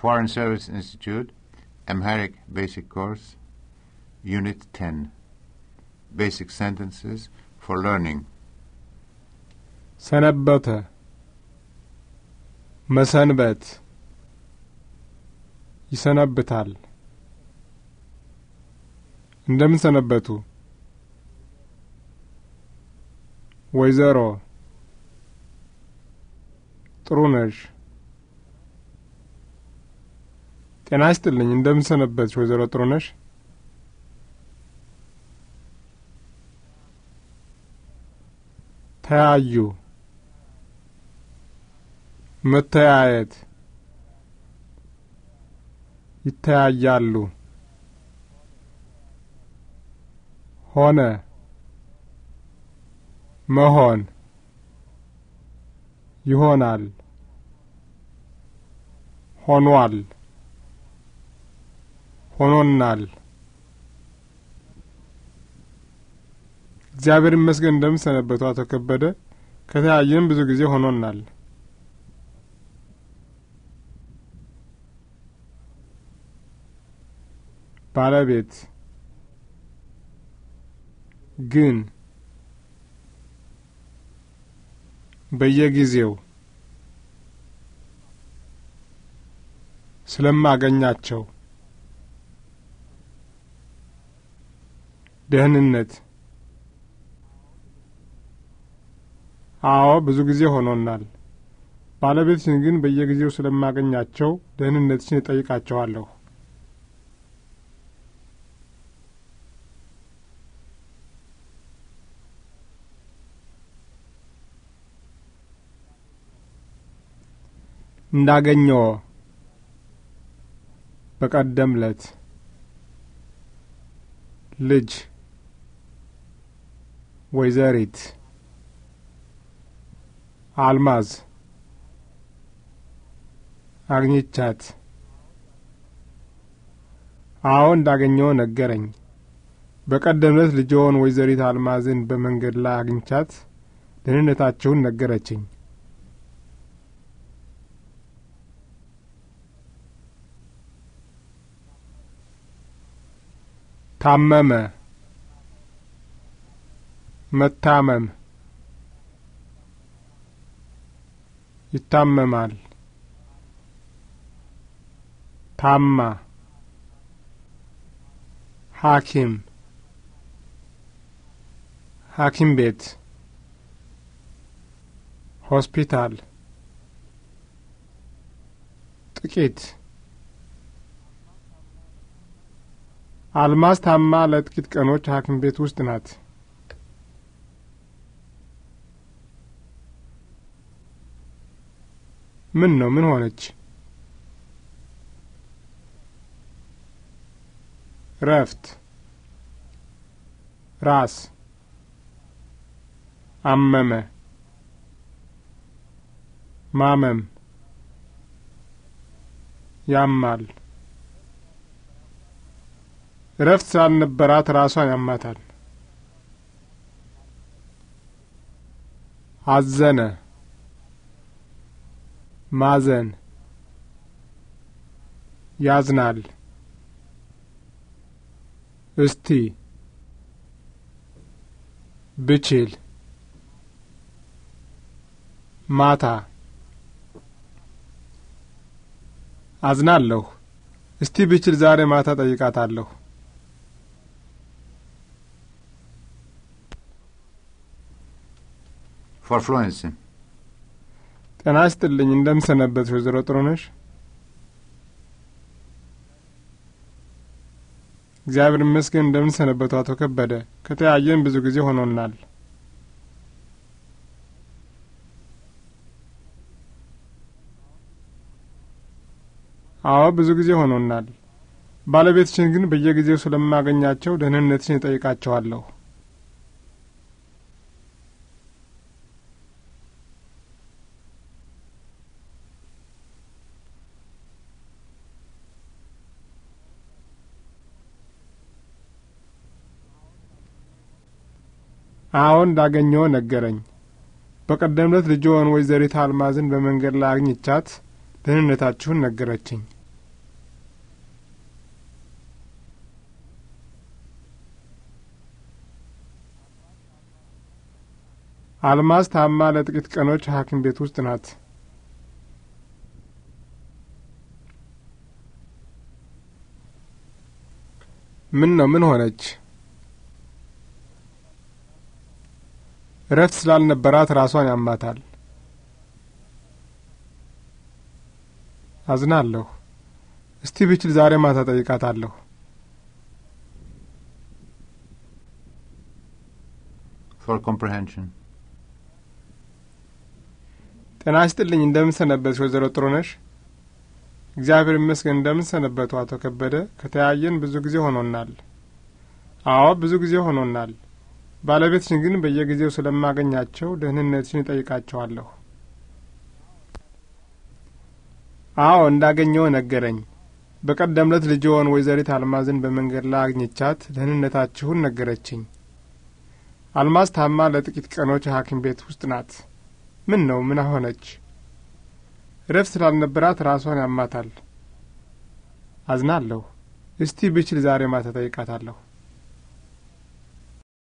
Foreign Service Institute, Amharic Basic Course, Unit 10 Basic Sentences for Learning. Sanabata Masanabat Isanabatal Ndem Sanabatu Wazero ጤና ይስጥልኝ። እንደምንሰነበትሽ ወይዘሮ ጥሩነሽ? ተያዩ፣ መተያየት፣ ይተያያሉ፣ ሆነ፣ መሆን፣ ይሆናል፣ ሆኗል ሆኖናል። እግዚአብሔር ይመስገን። እንደምን ሰነበቱ አቶ ከበደ? ከተያየን ብዙ ጊዜ ሆኖናል። ባለቤት ግን በየጊዜው ስለማገኛቸው ደህንነት አዎ፣ ብዙ ጊዜ ሆኖናል። ባለቤትሽን ግን በየጊዜው ስለማገኛቸው ደህንነትሽን እጠይቃቸዋለሁ። እንዳገኘው በቀደም ለት ልጅ ወይዘሪት አልማዝ አግኝቻት አዎ እንዳገኘው ነገረኝ። በቀደም ዕለት ልጅዎን ወይዘሪት አልማዝን በመንገድ ላይ አግኝቻት ደህንነታቸውን ነገረችኝ። ታመመ መታመም ይታመማል። ታማ ሐኪም ሐኪም ቤት ሆስፒታል ጥቂት አልማዝ ታማ ለጥቂት ቀኖች ሐኪም ቤት ውስጥ ናት። ምን ነው ምን ሆነች? ረፍት ራስ አመመ ማመም ያማል እረፍት ስላልነበራት ራሷን ያማታል። አዘነ ማዘን ያዝናል እስቲ ብችል ማታ አዝናለሁ እስቲ ብችል ዛሬ ማታ ጠይቃታለሁ። Forfluense ጤና ይስጥልኝ። እንደምሰነበትሽ ወይዘሮ ጥሩነሽ? እግዚአብሔር ይመስገን። እንደምንሰነበቱ አቶ ከበደ? ከተያየን ብዙ ጊዜ ሆኖናል። አዎ ብዙ ጊዜ ሆኖናል። ባለቤትሽን ግን በየጊዜው ስለማገኛቸው ደህንነትሽን እጠይቃቸዋለሁ። አዎ እንዳገኘው ነገረኝ። በቀደም ዕለት ልጅዎን ወይዘሪት አልማዝን በመንገድ ላይ አግኝቻት ደህንነታችሁን ነገረችኝ። አልማዝ ታማ ለጥቂት ቀኖች ሐኪም ቤት ውስጥ ናት። ምን ነው? ምን ሆነች? እረፍት ስላልነበራት ራሷን ያማታል። አዝናለሁ። እስቲ ብችል ዛሬ ማታ ጠይቃታለሁ። ጤና ይስጥልኝ። እንደምን ሰነበት ወይዘሮ ጥሩነሽ? እግዚአብሔር ይመስገን። እንደምን ሰነበቱ አቶ ከበደ? ከተያየን ብዙ ጊዜ ሆኖናል። አዎ ብዙ ጊዜ ሆኖናል። ባለቤትሽን ግን በየጊዜው ስለማገኛቸው ደህንነትሽን እጠይቃቸዋለሁ። አዎ እንዳገኘው ነገረኝ። በቀደም ዕለት ልጅዎን ወይዘሪት አልማዝን በመንገድ ላይ አግኝቻት ደህንነታችሁን ነገረችኝ። አልማዝ ታማ ለጥቂት ቀኖች ሐኪም ቤት ውስጥ ናት። ምን ነው ምን ሆነች? እረፍት ስላልነበራት ራሷን ያማታል። አዝናለሁ። እስቲ ብችል ዛሬ ማታ ጠይቃታለሁ።